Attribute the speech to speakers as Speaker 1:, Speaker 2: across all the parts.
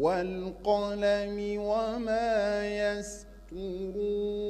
Speaker 1: والقلم وما يسطرون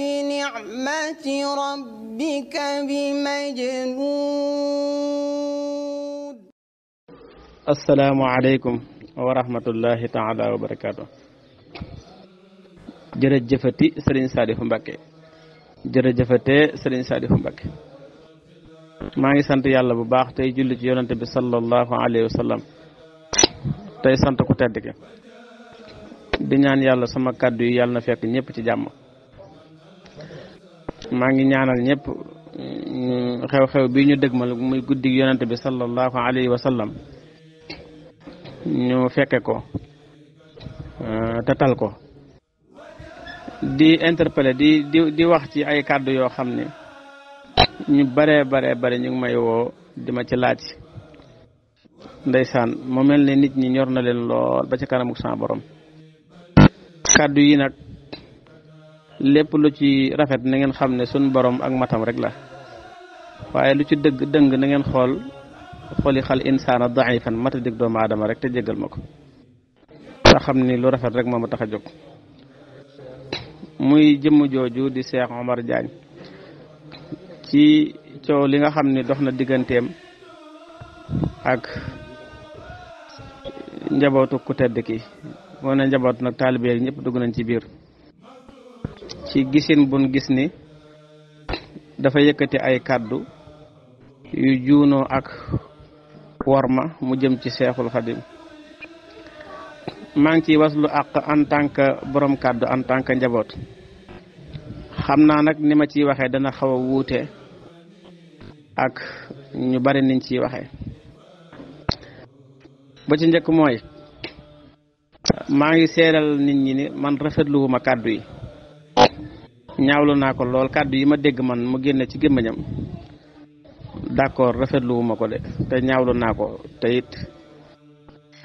Speaker 1: بنعمة ربك بمجنون السلام عليكم ورحمة الله تعالى وبركاته jërëjëfati Serigne Saliou Mbacké jërëjëfate Serigne maa ngi sant yàlla bu baax tey julli ci yonante bi sallallahu alayhi wa tey sant ku tedd ki di ñaan yàlla sama kàddu yi yàlla na fekk ñëpp ci jàmm maa ngi ñaanal ñëpp xew-xew bi ñu dëgmal muy guddi yonante bi sallallahu alayhi wa sallam ñu fekke ko euh, te tal ko di interpeller di di di wax ci ay kàddu yoo xam ne ñu bare bare bare ñu ngi may woo di ma ci laaj ndeysaan moo mel ne nit ñi ñor na leen lool ba ci kanamu sa borom kàddu yi nag lépp lu ci rafet na ngeen xam ne suñ boroom ak matam rek la waaye lu ci dëgg dëng na ngeen xool xooli xal insaana daifan mata dig doomu aadama rek te jéggal ma ko sa xam ni lu rafet rek moom ma tax a jóg muy jëmm jooju di Cheikh Omar Diagne ci li nga xam ni dox na digganteem ak njabootu ku tedd ki moo ne njabootu nag taalibe yi ñëpp dugg nañ ci biir ci gisin bun gis ni dafa yëkkati ay kàddu yu juunoo ak ma mu jëm ci seexul xadim maa ngi ciy lu àq en tant borom kàddu en tant que njaboot xam naa nag ni ma ciy waxee dana xaw a wuute ak ñu bari niñ ciy waxee ba ci njëkk mooy maa ngi seeral nit ñi ni man rafetluwuma kàddu yi ñaawlu naa ko lool kàddu yi ma dégg man mu génne ci gémmiñam d'accord rafetluwuma ko de te ñaawlu naa ko te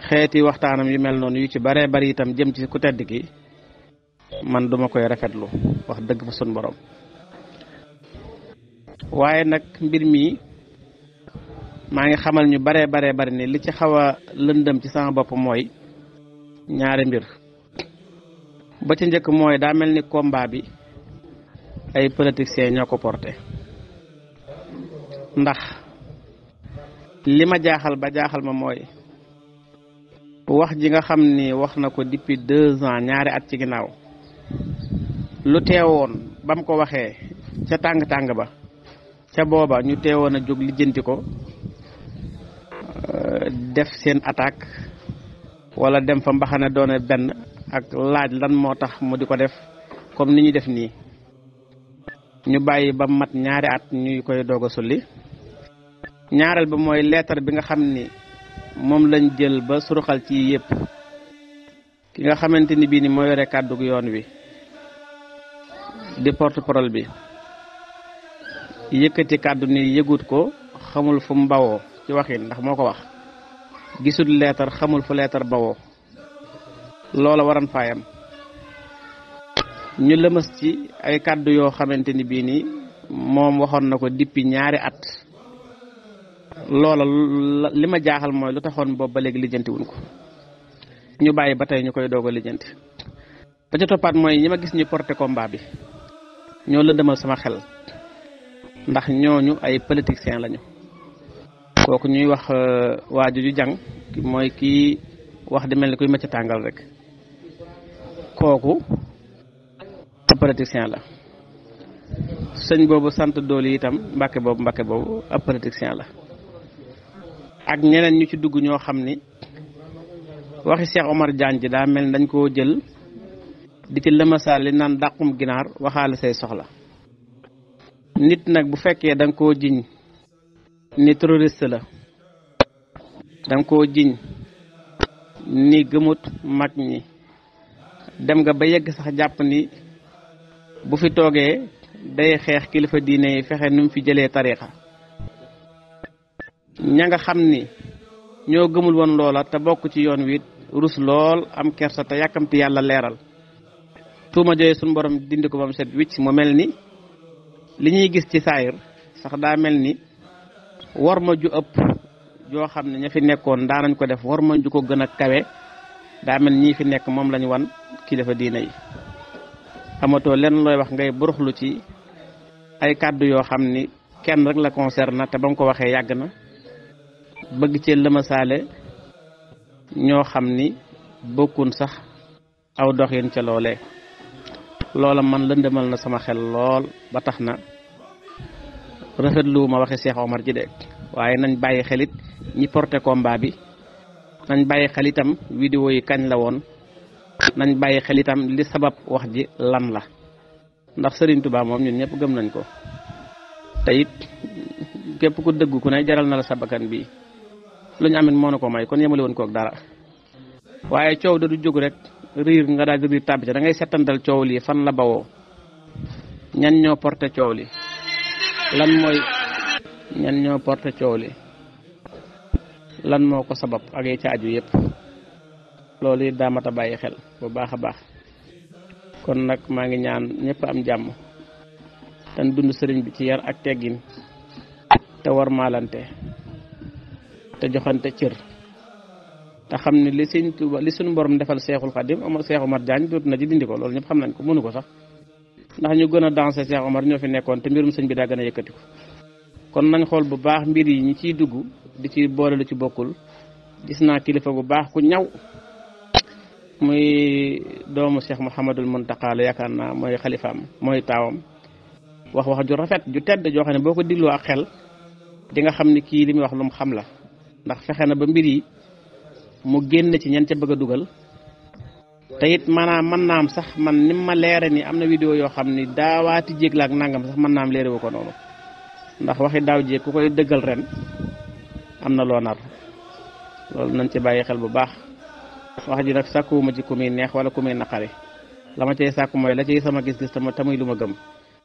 Speaker 1: xeeti waxtaanam yu mel noonu yu ci baree bari itam jëm ci ku tedd ki man duma koy rafetlu wax dëgg fa sun borom waaye nag mbir mi maa ngi xamal ñu bare baree bari ni li ci xaw a lëndëm ci sama bopp mooy ñaari mbir ba ci njëkk mooy daa mel ni combat bi ay politiciens ñoo ko porté ndax li ma jaaxal ba jaaxal ma mooy wax ji nga xam ni wax na ko depuis deux ans ñaari at ci ginnaaw lu teewoon ba mu ko waxee ca tàng-tàng ba ca booba ñu teewoon a jóg lijjanti ko euh, def seen attaque wala dem fa mbaxane doone benn ak laaj lan moo tax mu di ko def comme ni ñu def nii ñu bàyyi ba mat ñaari at ñuy koy doog a sulli ñaareel ba mooy leetar bi nga xam ni moom lañ jël ba suruxal ci yépp ki nga xamante ni bii ni moo yore kàddug yoon wi di porte-parole bi yëkkati kàddu ni yëgut ko xamul fu mu bawoo ci waxin ndax moo ko wax gisul leetar xamul fu leetar bawoo loola waran ñu lëmas ci ay kàddu yoo xamante ni bii nii moom waxoon na ko dippi ñaari at loola li ma jaaxal mooy lu taxoon boobu ba léegi lijjanti ko ñu bàyyi ba tey ñu koy doog a lijjanti ba ca toppaat mooy ñi ma gis ñu porté combat bi ñoo la demal sama xel ndax ñooñu ay politiciens lañu kooku ñuy wax euh, waaju ju jàng mooy kii wax di mel ni kuy macc tàngal rek kooku ab politicien la sëñ boobu sant dooli itam mbàkke boobu mbakke boobu ab politicien la ak ñeneen ñu ci dugg ñoo xam ni waxi Cheikh Omar Diagne daa mel ni dañ koo jël di ci lëmasaal li naan dàqum ginaar waxaale say soxla nit nag bu fekkee da koo jiñ ni terroriste la da koo jiñ ni gëmut mag ñi dem nga ba yegg sax jàpp ni bu fi toogee day xeex kilifa diine yi fexe nu mu fi jëlee tarixa ña nga xam ni ñoo gëmul woon loola te bokk ci yoon wi rus lool am kersa te yàkkamti yàlla leeral tuuma jooye suñu borom dindi ko ba mu set wicc mu mel ni li ñuy gis ci saayir sax daa mel ni war ma ju ëpp joo xam ne ña fi nekkoon daa daanañ ko def war ma ju ko gën a kawe daa mel ñii fi nekk moom lañu wan kilifa diine yi amatoo lenn looy wax ngay buruxlu ci ay kàddu yoo xam ni kenn rek la concerne te ba nga ko waxee yàgg na bëgg cee lëmasaale ñoo xam ni bokkun sax aw doxin ca loolee loola man lëndëmal na sama xel lool ba tax na rafet lu ma waxe Cheikh Omar ji de waaye nañ bàyyi xelit ñi porté mbaa bi nañ bàyyi xelitam vidéo yi kañ la woon nañ bàyyi xel itam li sabab wax ji lan la ndax sëriñ tubaa moom ñun ñëpp gëm nañ ko te képp ku dëgg ku ne jaral na la sa bakkan bi lu ñu amit moo ne ko may kon yemale woon kook dara waaye coow da du jóg rek riir nga daal di riir tàbbi da ngay settantal coow lii fan la bawoo ñan ñoo porte coow li lan mooy ñan ñoo porte coow li lan moo ko sabab ak yi ca aju yëpp loolu it daa a bàyyi xel bu baax a baax kon nag maa ngi ñaan ñëpp am jàmm tan dund sëriñ bi ci yar ak teggin te war maalante te joxante cër te xam ne li sëñ Tuuba li suñu borom defal seexul xadim ama Seex Omar Jaañ dootu na ji dindi ko loolu ñëpp xam nañ ko mënu ko sax ndax ñu gën a dansé Seex Omar ñoo fi nekkoon te mbirum sëñ bi daa gën a yëkkati ko kon nañ xool bu baax mbir yi ñi ciy dugg di ci boole lu ci bokkul gis naa kilifa bu baax ku ñaw muy doomu Cheikh Mouhamadul Muntaqa la yaakaar naa mooy xalifaam mooy taawam wax wax ju rafet ju tedd joo xam ne boo ko digloo ak xel di nga xam ni kii li muy wax lu mu xam la ndax fexe na ba mbir yi mu génn ci ñan ca bëgg a dugal te it maanaam mën naam sax man ni ma leere ni am na vidéo yoo xam ni daawaati jéeg la ak nangam sax mën naam leere wu ko noonu ndax waxi daaw jéeg ku koy dëggal ren am na loo nar loolu nañ ci bàyyi xel bu baax wax ji nag sàkkuwuma ci ku muy neex wala ku muy naqari la ma cay sàkku mooy la ciy sama gis-gis tam tamuy lu ma gëm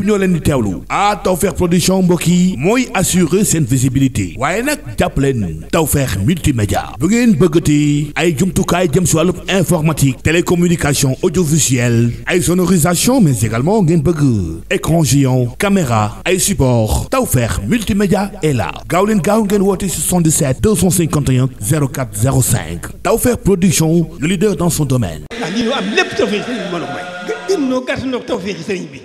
Speaker 2: ñëpp ñoo leen di teewlu ah Tawfekh production mbokk yi mooy assurer seen visibilité waaye nag jàpp leen Tawfekh multimédia bu ngeen bëggati ay jumtukaay jëm si wàllu informatique télécommunication audiovisuelle ay sonorisation mais également ngeen bëgg écran géant caméra ay support Tawfekh multimédia est là gaaw leen gaaw ngeen woote 77 251 04 05 Tawfekh production le leader dans son domaine. ah lii loo am lépp tawfeex sëriñ bi mën a bi.